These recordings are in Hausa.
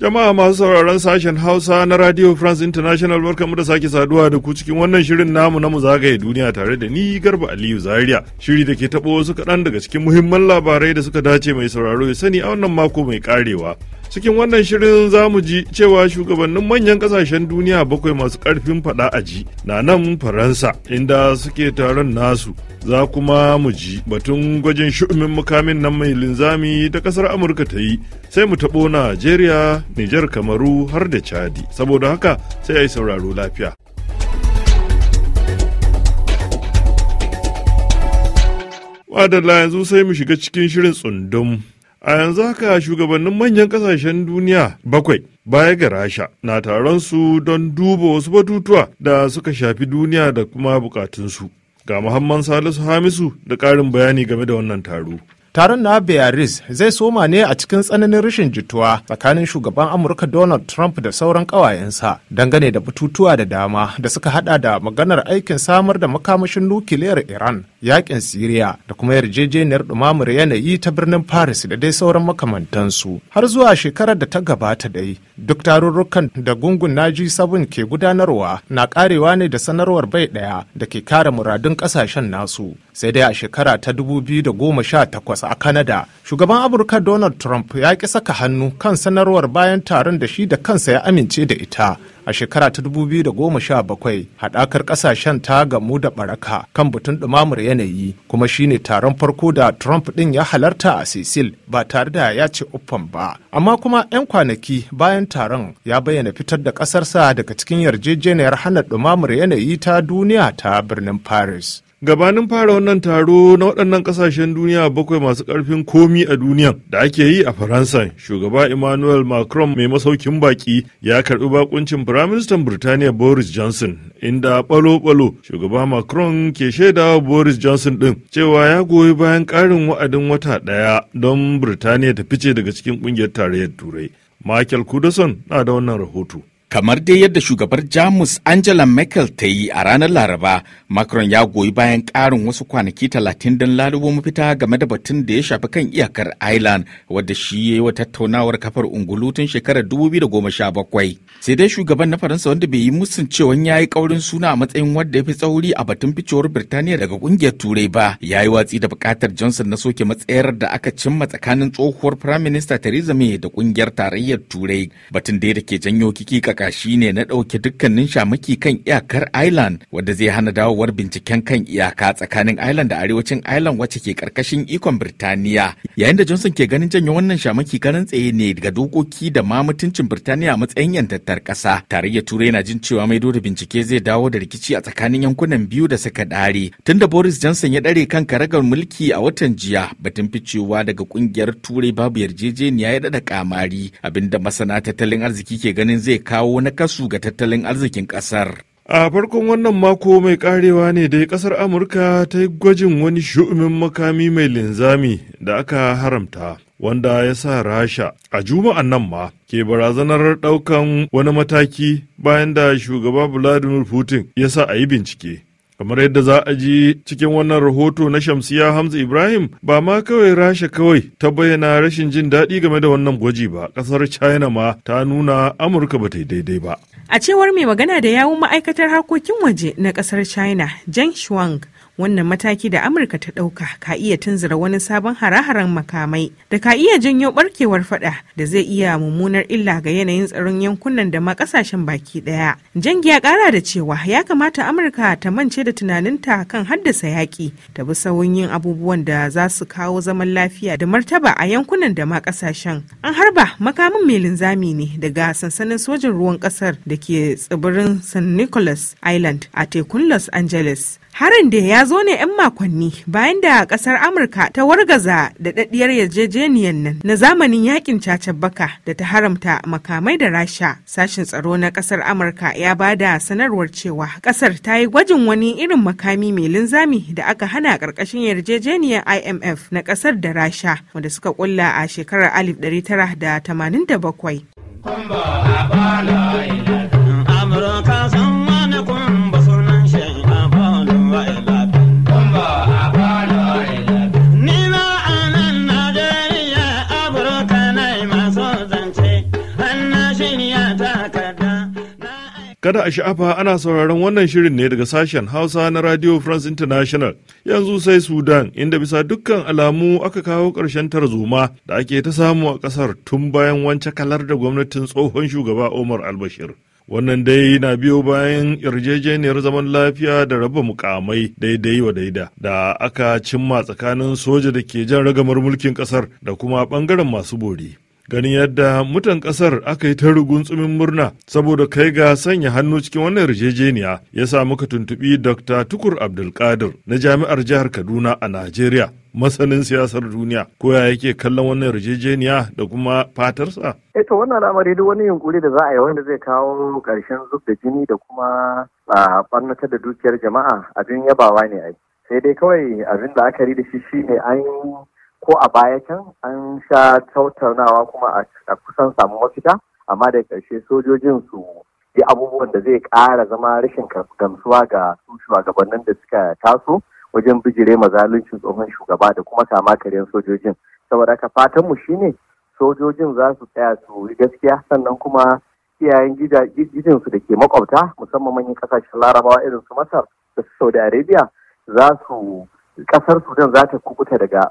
Jama'a masu sauraron sashen Hausa na Radio France International barkamu da sake saduwa da ku cikin wannan shirin namu na mu zagaye duniya tare da ni Garba Aliyu Zaria. Shiri da ke taɓo wasu kaɗan daga cikin muhimman labarai da suka dace mai sauraro ya sani a wannan mako mai karewa. cikin wannan shirin za mu ji cewa shugabannin manyan kasashen duniya bakwai masu ƙarfin faɗa a ji na nan faransa inda suke taron nasu za kuma mu ji batun gwajin shu'umin mukamin nan mai linzami ta ƙasar amurka ta yi sai mu taɓo najeriya nijar kamaru har da chadi saboda haka sai a yi sauraro lafiya wadala yanzu sai mu shiga cikin shirin tsundum A yanzu haka shugabannin manyan kasashen duniya bakwai baya ga rasha na taron su don duba wasu batutuwa da suka shafi duniya da kuma bukatunsu. Ga Muhammad Salisu Hamisu da ƙarin bayani game da wannan taro. Taron na Bearis zai soma ne a cikin tsananin rashin jituwa tsakanin shugaban Amurka Donald Trump da sauran ƙawayensa dangane da batutuwa da dama da suka hada da maganar aikin samar da makamashin nukiliyar Iran yakin Siriya da kuma yarjejeniyar ɗumamar yanayi ta birnin Paris da dai sauran makamantansu. Har zuwa shekarar da ta gabata dai, duk tarurrukan da gungun Naji Sabun ke gudanarwa na karewa ne da sanarwar bai ɗaya da ke kare muradun ƙasashen nasu. Sai dai a shekara ta 2018 a Canada, shugaban Amurka Donald Trump ya ƙi saka hannu kan sanarwar bayan taron da shi da kansa ya amince da ita. a shekara ta 2017 haɗakar ƙasashen ta gamu da baraka kan batun ɗumamar yanayi kuma shine taron farko da Trump ɗin ya halarta a Cecil ba tare da ya ce uffan ba. Amma kuma 'yan kwanaki bayan taron ya bayyana fitar da ƙasarsa daga cikin yarjejeniyar hana ɗumamar yanayi ta duniya ta birnin Paris. gabanin fara wannan taro na waɗannan ƙasashen duniya bakwai masu ƙarfin komi a duniya da ake yi a faransa shugaba emmanuel macron mai masaukin baki ya karɓi bakuncin firaministan birtaniya boris johnson inda ɓalo-ɓalo shugaba macron ke shaidawa boris johnson ɗin cewa ya goyi bayan ƙarin wa'adin wata ɗaya don birtaniya ta fice daga cikin ƙungiyar tarayyar turai michael kudason na da wannan rahoto kamar dai yadda shugabar jamus angela merkel ta yi a ranar laraba macron ya goyi bayan karin wasu kwanaki talatin don lalubo mafita game da batun da ya shafi kan iyakar ireland wadda shi ya yi wa tattaunawar kafar ungulu tun shekarar 2017 sai dai shugaban na faransa wanda bai yi musun cewa ya yi kaurin suna a matsayin wadda ya fi tsauri a batun ficewar birtaniya daga kungiyar turai ba ya yi watsi da bukatar johnson na soke matsayar da aka cimma tsakanin tsohuwar firaminista theresa may da kungiyar tarayyar turai batun da ke janyo kika. alaka shine na ɗauke dukkanin shamaki kan iyakar Ireland wadda zai hana dawowar binciken kan iyaka tsakanin Ireland da arewacin Ireland wacce ke karkashin ikon Birtaniya. Yayin da Johnson ke ganin janyo wannan shamaki karan tsaye ne daga dokoki da ma mutuncin Birtaniya a matsayin yantattar ƙasa. Tarayyar Turai na jin cewa mai da bincike zai dawo da rikici a tsakanin yankunan biyu da suka ɗare. Tunda Boris Johnson ya ɗare kan karagar mulki a watan jiya batun ficewa daga ƙungiyar Turai babu yarjejeniya ya daɗa kamari abinda masana tattalin arziki ke ganin zai kawo kawo nakasu ga tattalin arzikin ƙasar. a farkon wannan mako mai karewa ne dai kasar amurka ta yi gwajin wani shu'umin makami mai linzami da aka haramta wanda ya sa rasha a juma'an nan ma ke barazanar ɗaukan wani mataki bayan da shugaba vladimir putin ya sa a yi bincike kamar yadda za a ji cikin wannan rahoto na shamsiya hamza ibrahim ba ma kawai rasha kawai ta bayyana rashin jin daɗi game da wannan gwaji ba ƙasar china ma ta nuna amurka ba ta daidai ba a cewar mai magana da yawun ma'aikatar harkokin waje na ƙasar china jen shuang wannan mataki da amurka ta ɗauka ka iya tunzura wani sabon hare-haren makamai da ka iya janyo barkewar fada da zai iya mummunar illa ga yanayin tsaron yankunan da ma kasashen baki daya. jangi ya kara da cewa ya kamata amurka ta mance da tunaninta kan haddasa yaƙi ta bi sauyin yin abubuwan da za su kawo zaman lafiya da martaba a yankunan da ma kasashen. an harba makamin mai linzami ne daga sansanin sojin ruwan kasar da ke tsibirin san nicholas island a tekun los angeles harin da ya ya zo ne 'yan makonni bayan da kasar amurka ta wargaza da daddiyar yarjejeniyar nan na zamanin yakin baka da ta haramta makamai da rasha sashin tsaro na kasar amurka ya ba da sanarwar cewa kasar ta yi gwajin wani irin makami mai linzami da aka hana ƙarƙashin yarjejeniyar imf na kasar da rasha wanda suka kulla a shekarar 1987 Kada a sha'afa ana sauraron wannan shirin ne daga sashen Hausa na Radio France International. Yanzu sai Sudan, inda bisa dukkan alamu aka kawo ƙarshen tarzoma da ake ta samu a ƙasar tun bayan wance kalar da gwamnatin tsohon shugaba Omar al-Bashir. Wannan dai na biyo bayan yarjejeniyar zaman lafiya da raba mukamai daidai wa daida da aka cimma tsakanin soja da ke jan ragamar mulkin ƙasar da kuma ɓangaren masu bori. ganin yadda mutan kasar aka yi ta rugunsumin murna saboda kai ga sanya hannu cikin wannan yarjejeniya ya sa muka tuntubi dr tukur abdulkadir na jami'ar jihar kaduna a najeriya masanin siyasar duniya ko ya yake kallon wannan yarjejeniya da kuma fatarsa eto eh, wannan al'amari duk wani yunkuri da za a yi wanda zai kawo karshen zub da jini da kuma a barnata da dukiyar jama'a abin yabawa ne ai sai dai kawai abin da aka da shi shine an ko a baya can an sha tattaunawa kuma a kusan samu mafita amma da ƙarshe sojojin su yi abubuwan da zai ƙara zama rashin gamsuwa ga su shugabannin da suka taso wajen bijire mazaluncin tsohon shugaba da kuma kama karyan sojojin saboda haka fatan mu shine sojojin za su tsaya su yi gaskiya sannan kuma iyayen gijin su da ke makwabta musamman manyan kasashen larabawa irin su masar da su saudi arabia za su kasar sudan za ta kubuta daga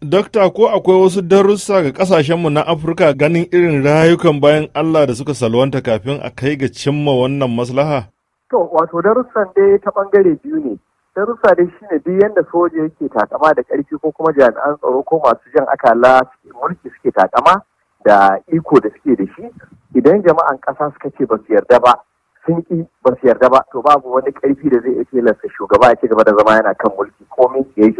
Dokta ko akwai wasu darussa ga kasashenmu na Afirka ganin irin rayukan bayan Allah da suka salwanta kafin a kai ga cimma wannan maslaha? To, wato darussan dai ta bangare biyu ne. Darussa dai shine duk yadda soja yake takama da karfi ko kuma jami'an tsaro ko masu jan akala mulki suke takama da iko da suke da shi. Idan jama'an ƙasa suka ce ba su yarda ba, sun ƙi ba yarda ba to babu wani ƙarfi da zai iya tilasta shugaba ya ci gaba da zama yana kan mulki komin ya yi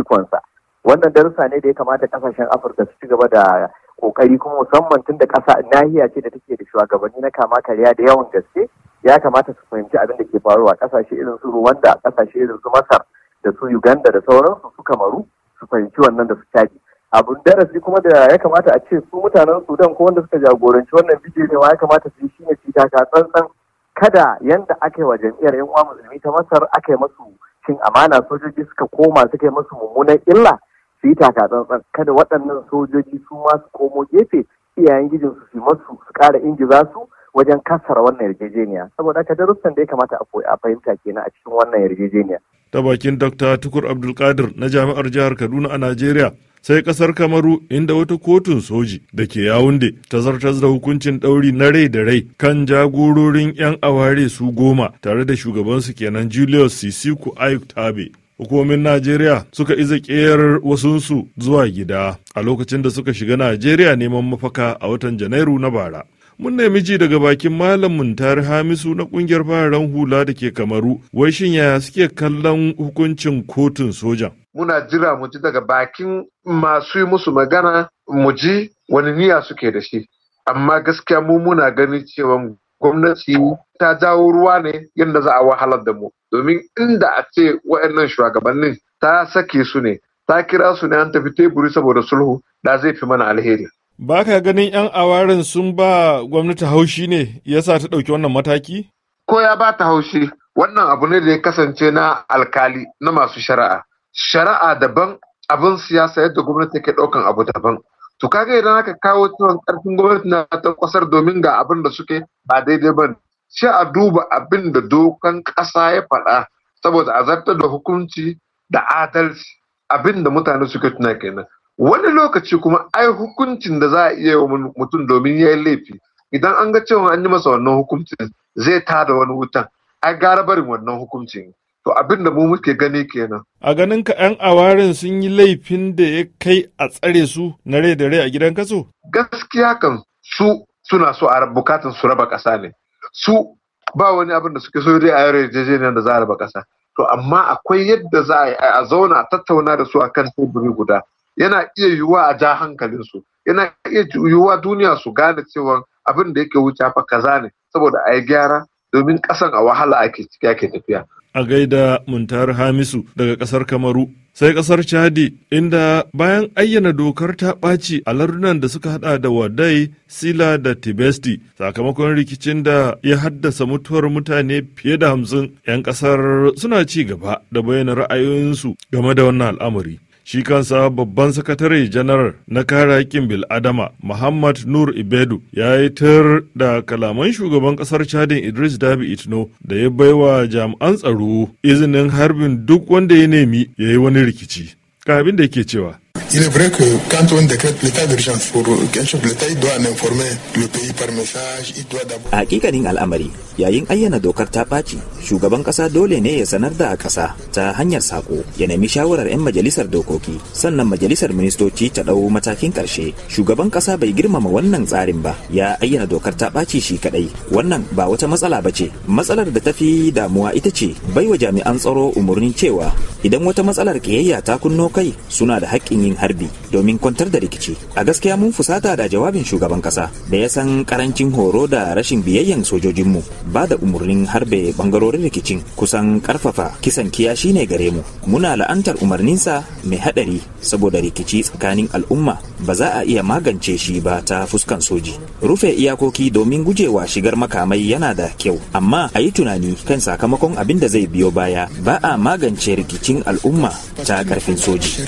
ikonsa wannan darussa ne da ya kamata kasashen afirka su ci gaba da kokari kuma musamman tun da kasa nahiya ce da take da shugabanni na kama karya da yawan gaske ya kamata su fahimci abin da ke faruwa ƙasashe irin su rwanda ƙasashe irin su masar da su uganda da sauransu su kamaru su fahimci wannan da su caji abun darasi kuma da ya kamata a ce su mutanen sudan ko wanda suka jagoranci wannan bidiyo ya kamata su yi shine ci ka tsantsan kada yanda aka wa jam'iyyar yan uwa musulmi ta masar aka yi masu cin amana sojoji suka koma suka yi masu mummunan illa su yi taka tsantsan kada waɗannan sojoji su masu komo gefe iyayen gijin su masu su ƙara ingiza su wajen kasara wannan yarjejeniya saboda ka darussan da ya kamata a fahimta kenan a cikin wannan yarjejeniya. ta bakin dr tukur abdulkadir na jami'ar jihar kaduna a najeriya sai kasar kamaru inda wata kotun soji da ke yawunde ta zartar da hukuncin ɗauri na rai da rai kan jagororin 'yan aware su goma tare da shugabansu kenan julius sisiku ayuk tabe hukumomin najeriya suka iza ƙerar wasunsu zuwa gida a lokacin da suka shiga najeriya neman mafaka a watan janairu na bara mun nemi ji daga bakin malamin tari hamisu na kungiyar fararen hula da ke kamaru wai shin yaya suke kallon hukuncin kotun sojan muna jira mu ji daga bakin masu yi musu magana mu ji wani niyya suke da shi amma gaskiya mu muna gani cewa gwamnati ta jawo ruwa ne yadda za a wahalar da mu domin inda a ce wa'annan shugabannin ta sake su ne ta kira su ne an tafi teburi saboda sulhu da zai fi mana alheri ba ka ganin 'yan awarin sun ba gwamnati haushi ne yasa ta ɗauki wannan mataki ko ya ba ta haushi wannan abu ne da ya kasance na alkali na masu shari'a shari'a daban abin siyasa yadda gwamnati ke ɗaukan abu daban to kaga idan aka kawo cewa karfin gwamnati na ta kwasar domin ga abin da suke ba daidai ba sai a duba abin da dokan ƙasa ya faɗa saboda a zartar da hukunci da adalci abin da mutane suke tuna kenan wani lokaci kuma ai hukuncin da za a iya yi mutum domin ya yi laifi idan an ga cewa an yi masa wannan hukuncin zai tada wani wutan ai gara barin wannan hukuncin To abin da mu muke gani kenan. A ganin ka 'yan awarin sun yi laifin da ya kai a tsare su na rai da rai a gidan kaso? Gaskiya kan su suna so a bukatan su raba ƙasa ne. Su ba wani abin da suke so dai a yare ne da za a raba ƙasa. To amma akwai yadda za a zauna a tattauna da su a kan teburi guda. Yana iya yiwuwa a ja hankalinsu. Yana iya yiwuwa duniya su gane cewa abin da yake wuce fa kaza ne saboda a yi gyara domin ƙasan a wahala ake ciki ake tafiya. a gaida muntar hamisu daga kasar kamaru sai kasar chadi inda bayan ayyana dokar ta ɓaci a lardunan da suka hada da wadai sila da tibesti sakamakon rikicin da ya haddasa mutuwar mutane fiye da hamsin 'yan kasar suna ci gaba da bayyana ra'ayoyinsu game da wannan al'amari shi kansa babban sakatare janar na kare haƙƙin bil'adama muhammad nur ibedu ya yi tar da kalaman shugaban ƙasar chadin idris dabi itno da ya baiwa jami'an tsaro izinin harbin duk wanda ya nemi ya yi wani rikici ga abin da yake cewa Il est vrai que quand on décrète l'état d'urgence pour quelque chose, l'État doit en informer le pays par message, il doit d'abord... A hakikanin al'amari, yayin ayyana dokar ta ɓaci, shugaban ƙasa dole ne ya sanar da a ƙasa ta hanyar sako, ya nemi shawarar 'yan majalisar dokoki, sannan majalisar ministoci ta ɗau matakin ƙarshe. Shugaban ƙasa bai girmama wannan tsarin ba, ya ayyana dokar ta ɓaci shi kaɗai. Wannan ba wata matsala ba ce. Matsalar da ta fi damuwa ita ce baiwa jami'an tsaro umarnin cewa idan wata matsalar ƙiyayya ta kunno kai suna da haƙƙin yin الهربي domin kwantar da rikici a gaskiya mun fusata da jawabin shugaban kasa da ya san karancin horo da rashin biyayyan sojojinmu ba da umarnin harbe bangarorin rikicin kusan karfafa kisan kiyashi ne gare mu muna la'antar umarninsa mai hadari saboda rikici tsakanin al'umma ba za a iya magance shi ba ta fuskan soji rufe iyakoki domin gujewa shigar makamai yana da kyau amma a yi tunani kan sakamakon abin da zai biyo baya ba a magance rikicin al'umma ta karfin soji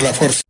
por la fuerza.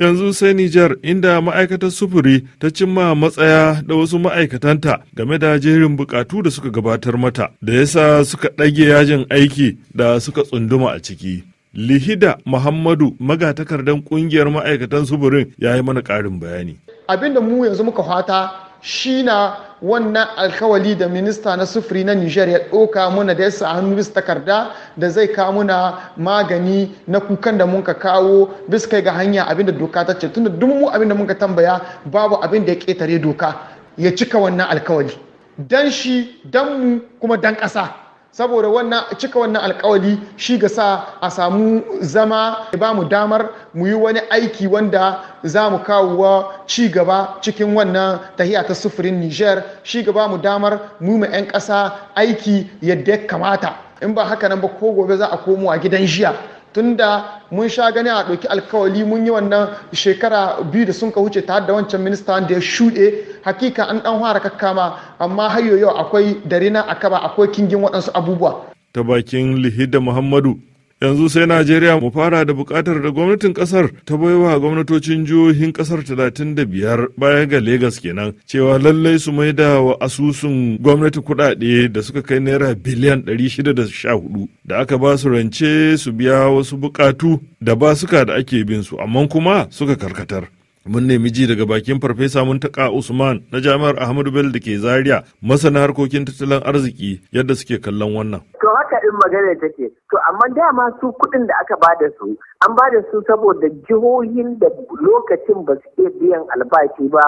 yanzu sai Nijar inda ma'aikatar sufuri ta cimma matsaya da wasu ma'aikatanta game da jerin bukatu da suka gabatar mata da yasa suka ɗage yajin aiki da suka tsunduma a ciki. Lihida Muhammadu magatakardan kungiyar ma'aikatan sufurin ya yi mana ƙarin bayani. Abin da mu yanzu muka fata shi na wannan alkawali da minista na sufuri na nijar ya ɗoka muna da yasa hannu bisa takarda da zai kawo muna magani na kukan da muka kawo bisa kai ga hanya abinda doka ta ce tunda duk mu abinda muka tambaya babu abin da ya ƙetare doka ya cika wannan alkawali dan shi dan mu kuma dan ƙasa saboda wannan cika wannan alkawali shi ga sa a samu zama ba mu damar mu yi wani aiki wanda za mu kawo ci gaba cikin wannan tahiya ta sufurin niger shi ba mu damar mu ma 'yan ƙasa aiki yadda ya kamata in ba haka nan ba ko gobe za a komo a gidan jiya tunda mun sha gani a ɗauki alkawali mun yi wannan shekara biyu da sun ka wuce tare da wancan minista da ya shuɗe hakika an ɗan fara kakkama amma hayoyo akwai darina akaba akwai kingin waɗansu abubuwa ta bakin lihida muhammadu yanzu sai najeriya mu fara da bukatar da gwamnatin kasar ta baiwa gwamnatocin jihohin kasar 35 baya ga Legas kenan cewa lallai su mai da wa asusun gwamnati kudade da suka kai naira biliyan 614 da aka ba su rance su biya wasu bukatu da ba basuka da ake bin su amma kuma suka karkatar mun nemi ji daga bakin farfesa muntaka usman na jami'ar ahmadu bello da ke zaria masana harkokin tattalin arziki yadda suke kallon wannan to haka in magana take to amma dama su kuɗin da aka bada su an bada su saboda jihohin da lokacin ba su iya biyan albashi ba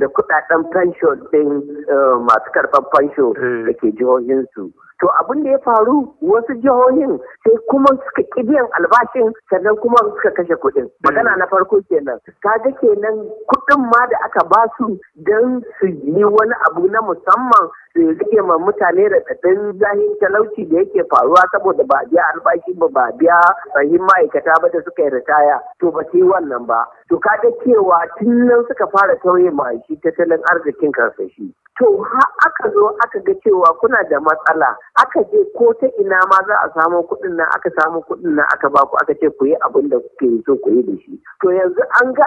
da kudaden pension din eh, masu karɓar pension eh. da ke jihohinsu. To abin da ya faru wasu jihohin sai kuma suka ƙi biyan albashin sannan kuma suka kashe kuɗin. Eh. Magana na farko kenan. Kaga kenan kuɗin ma da aka ba su don su yi wani abu na musamman su rike ma mutane da tsadin zahin talauci da yake faruwa saboda ba biya albashi ba ba biya sahin ma'aikata ba da suka yi ritaya to ba ta yi wannan ba. To kaga cewa tun nan suka fara tauye ma shi tattalin arzikin kansa to ha aka zo aka ga cewa kuna da matsala aka je ko ta ina ma za a samu kuɗin nan aka samo kuɗin nan aka baku aka ce ku yi abin da kuke so ku yi da shi to yanzu an ga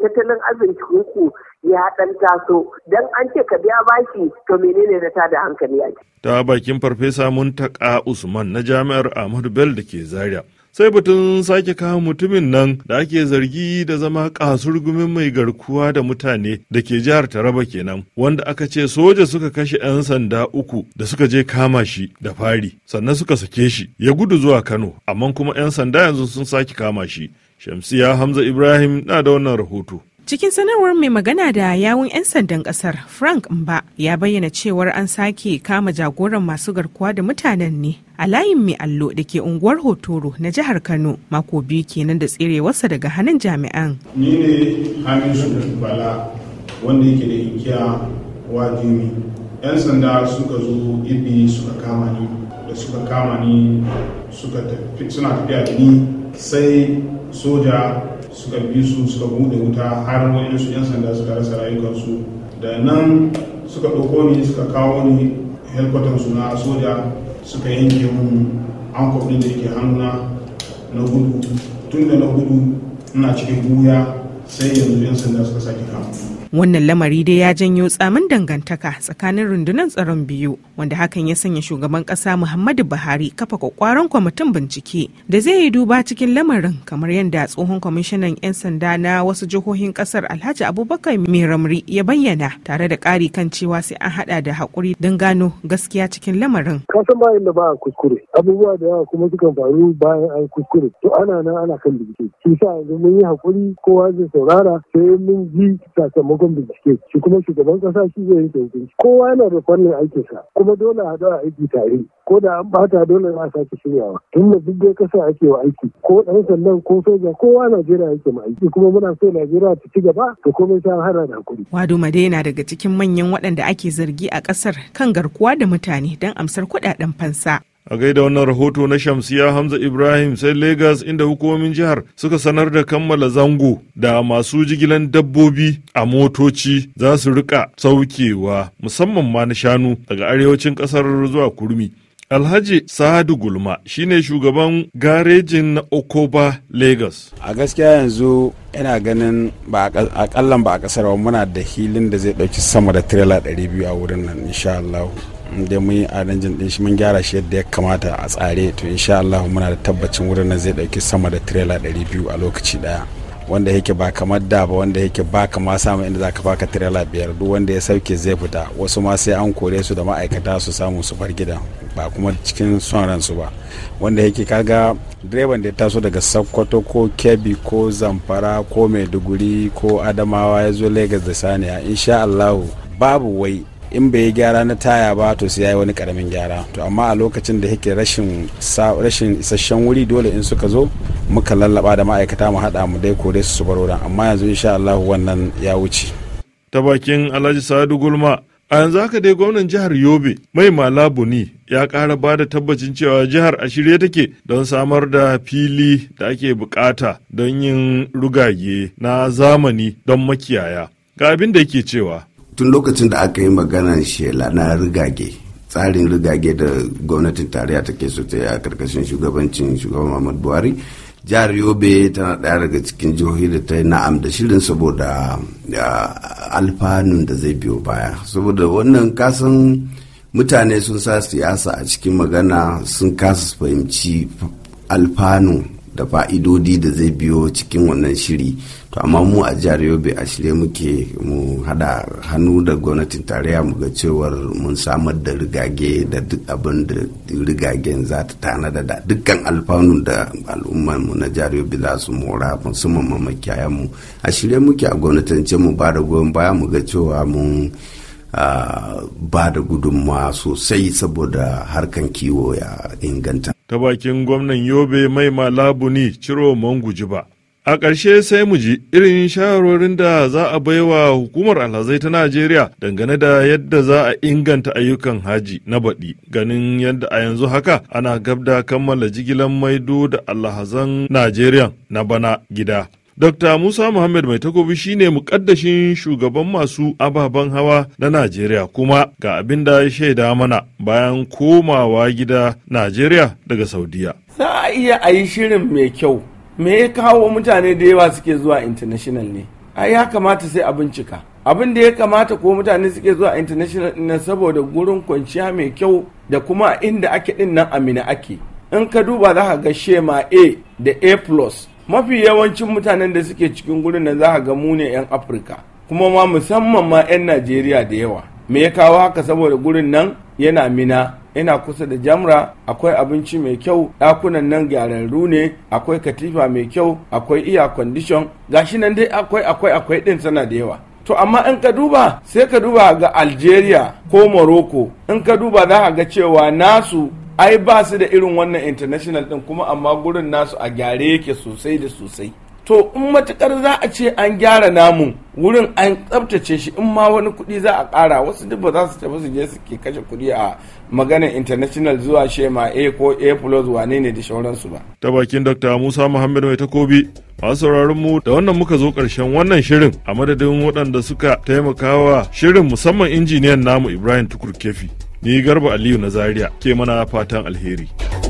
tattalin arzikin ku ya ɗan taso dan an ce ka biya bashi to menene na tada hankali a ta bakin farfesa muntaka usman na jami'ar ahmadu bel da ke zaria sai batun sake kama mutumin nan da ake zargi da zama kasurgumin mai garkuwa da mutane da ke jihar taraba kenan wanda aka ce soja suka kashe 'yan sanda uku da suka je kama shi da fari sannan suka sake shi ya gudu zuwa kano amma kuma 'yan sanda yanzu sun sake kama shi shamsiya hamza ibrahim na da wannan rahoto cikin sanarwar mai magana da yawun 'yan sandan kasar frank mba ya bayyana cewar an sake kama jagoran masu garkuwa da mutanen ne a layin mai allo da ke unguwar hotoro na jihar kano mako biyu kenan da tserewarsa daga hannun jami'an ni ne hamisu bala wanda yake da inkiya wajimi 'yan sanda suka zo ibi suka kama ni da suka kama ni suna tafiya da ni sai soja suka bi su suka bude wuta har su 'yan sanda suka rasa rayukansu da nan suka ɗauko ni suka kawo ni helikwatar suna na soja suka yanke mun an kwafin da yake hannuna na gudu tun da na gudu ina cikin guya sai yanzu 'yan sanda suka sake kamun Wannan lamari dai ya janyo tsamin dangantaka tsakanin rundunar tsaron biyu wanda hakan ya sanya shugaban ƙasa Muhammadu Buhari kafa kwakwaron kwamitin bincike da zai yi duba cikin lamarin kamar yadda tsohon kwamishinan 'yan sanda na wasu jihohin kasar Alhaji Abubakar Miramri ya bayyana tare da ƙari kan cewa sai an haɗa da hakuri don gano gaskiya cikin lamarin. Kasan bayan da ba a abubuwa da yawa kuma sukan faru bayan an kuskure to ana nan ana kan bincike. Shi sa yanzu mun yi hakuri kowa zai saurara sai mun ji sakamakon sakamakon bincike shi kuma shugaban kasa shi zai yanke hukunci kowa yana da fannin aikinsa kuma dole a haɗu a aiki tare ko da an bata dole a sake shiryawa tun da duk dai kasa ake wa aiki ko ɗan sandan ko soja kowa Najeriya yake ma aiki kuma muna so Najeriya ta ci gaba ta komai ta hana da hakuri. Wado Made yana daga cikin manyan waɗanda ake zargi a ƙasar kan garkuwa da mutane don amsar kuɗaɗen fansa. A gaida wannan rahoto na Shamsiya Hamza Ibrahim sai lagos inda hukumomin jihar suka sanar da kammala zango da masu jigilan dabbobi a motoci za su rika saukewa musamman ma na shanu daga arewacin kasar zuwa kurmi. Alhaji sadu Gulma shine shugaban garejin na Okoba Lagos. A gaskiya yanzu ina ganin ba a ba a kasar muna da hilin da zai dauki sama da tirela 200 a wurin nan insha da mun yi aranjin din shi mun gyara shi yadda ya kamata a tsare to insha Allah muna da tabbacin wurin nan zai dauki sama da tirela biyu a lokaci daya wanda yake ba kamar da ba wanda yake ba kamar samun inda zaka baka tirela biyar duk wanda ya sauke zai fita wasu ma sai an kore su da ma'aikata su samu su bar gidan ba kuma cikin son ransu ba wanda yake kaga direban da ya taso daga sokoto ko kebbi ko zamfara ko maiduguri ko adamawa ya zo lagos da saniya insha allahu babu wai in bai yi gyara na taya ba to sai yi wani karamin gyara to amma a lokacin da yake rashin rashin isasshen wuri dole in suka zo muka lallaba da ma'aikata mu haɗa mu dai kore su su baro amma yanzu insha Allah wannan ya wuce ta bakin Alhaji Sadu Gulma a yanzu haka dai gwamnan jihar yobe mai malabuni ya kara bada tabbacin cewa jihar a shirye take don samar da fili da ake bukata don yin rugage na zamani don makiyaya ga abin da yake cewa tun lokacin da aka yi maganar shela na rigage tsarin rigage da gwamnatin tarayya take so ta a karkashin shugabancin shugaban muhammadu buhari jihar yobe tana ɗaya daga cikin jihohi da ta yi na'am da shirin saboda alfanun da zai biyo baya saboda wannan kasan mutane sun sa siyasa a cikin magana sun kasa fahimci alfanu da fa'idodi da zai biyo cikin wannan shiri to amma mu a jihar yobe a shirye muke mu hada hannu da gwamnatin tarayya mu ga cewar mun samar da rigage da duk abin da rigagen za ta tanada da dukkan alfanun da al'ummar mu na jihar yobe za su mora musamman mamakiyayen mu a shirye muke a ce mu ba da goyon baya mu ga cewa mun Uh, ba da gudunmawa sosai saboda harkan kiwo ya inganta. ta bakin gwamnan Yobe mai malabuni ciro manguji ba. A ƙarshe sai mu ji irin shawarorin da za a baiwa hukumar alhazai ta Najeriya dangane da yadda za a inganta ayyukan haji na baɗi ganin yadda a yanzu haka ana gabda kammala jigilan maido da alhazan Najeriya na bana gida. Dr. Musa Muhammad Mai Takobi shi ne mukaddashin shugaban masu ababen hawa na Najeriya kuma ga abin da ya shaida mana bayan komawa gida Najeriya daga Saudiya. Za a iya a yi shirin mai kyau, me ya kawo mutane da yawa suke zuwa international ne? Ai ya kamata sai a bincika. Abin da ya kamata ko mutane suke zuwa international ne saboda gurin kwanciya mai kyau da kuma inda ake din nan amina ake. In ka duba za ka ga shema A da A plus mafi yawancin mutanen da suke cikin gurin na za ga mu ne 'yan afirka kuma ma musamman ma 'yan najeriya da yawa me ya kawo haka saboda gurin nan yana mina yana kusa da jamra akwai abinci mai kyau ɗakunan nan gyararru ne akwai katifa mai kyau akwai iya kwandishon gashi nan dai akwai akwai akwai ɗin sana da yawa to amma in ka duba sai ka duba ga algeria ko morocco in ka duba za a ga cewa nasu ai ba su da irin wannan international din kuma amma gurin nasu a gyare yake sosai da sosai to in matukar za a ce an gyara namu wurin an tsabtace shi in ma wani kuɗi za a ƙara wasu duk ba za su tafi su je su ke kashe kuɗi a maganar international zuwa shema a ko a plus wane ne da shauransu ba ta bakin dr musa muhammed mai takobi masu sauraron mu da wannan muka zo karshen wannan shirin a madadin waɗanda suka taimakawa shirin musamman injiniyan namu ibrahim tukur kefi ni garba aliyu na zaria ke mana fatan alheri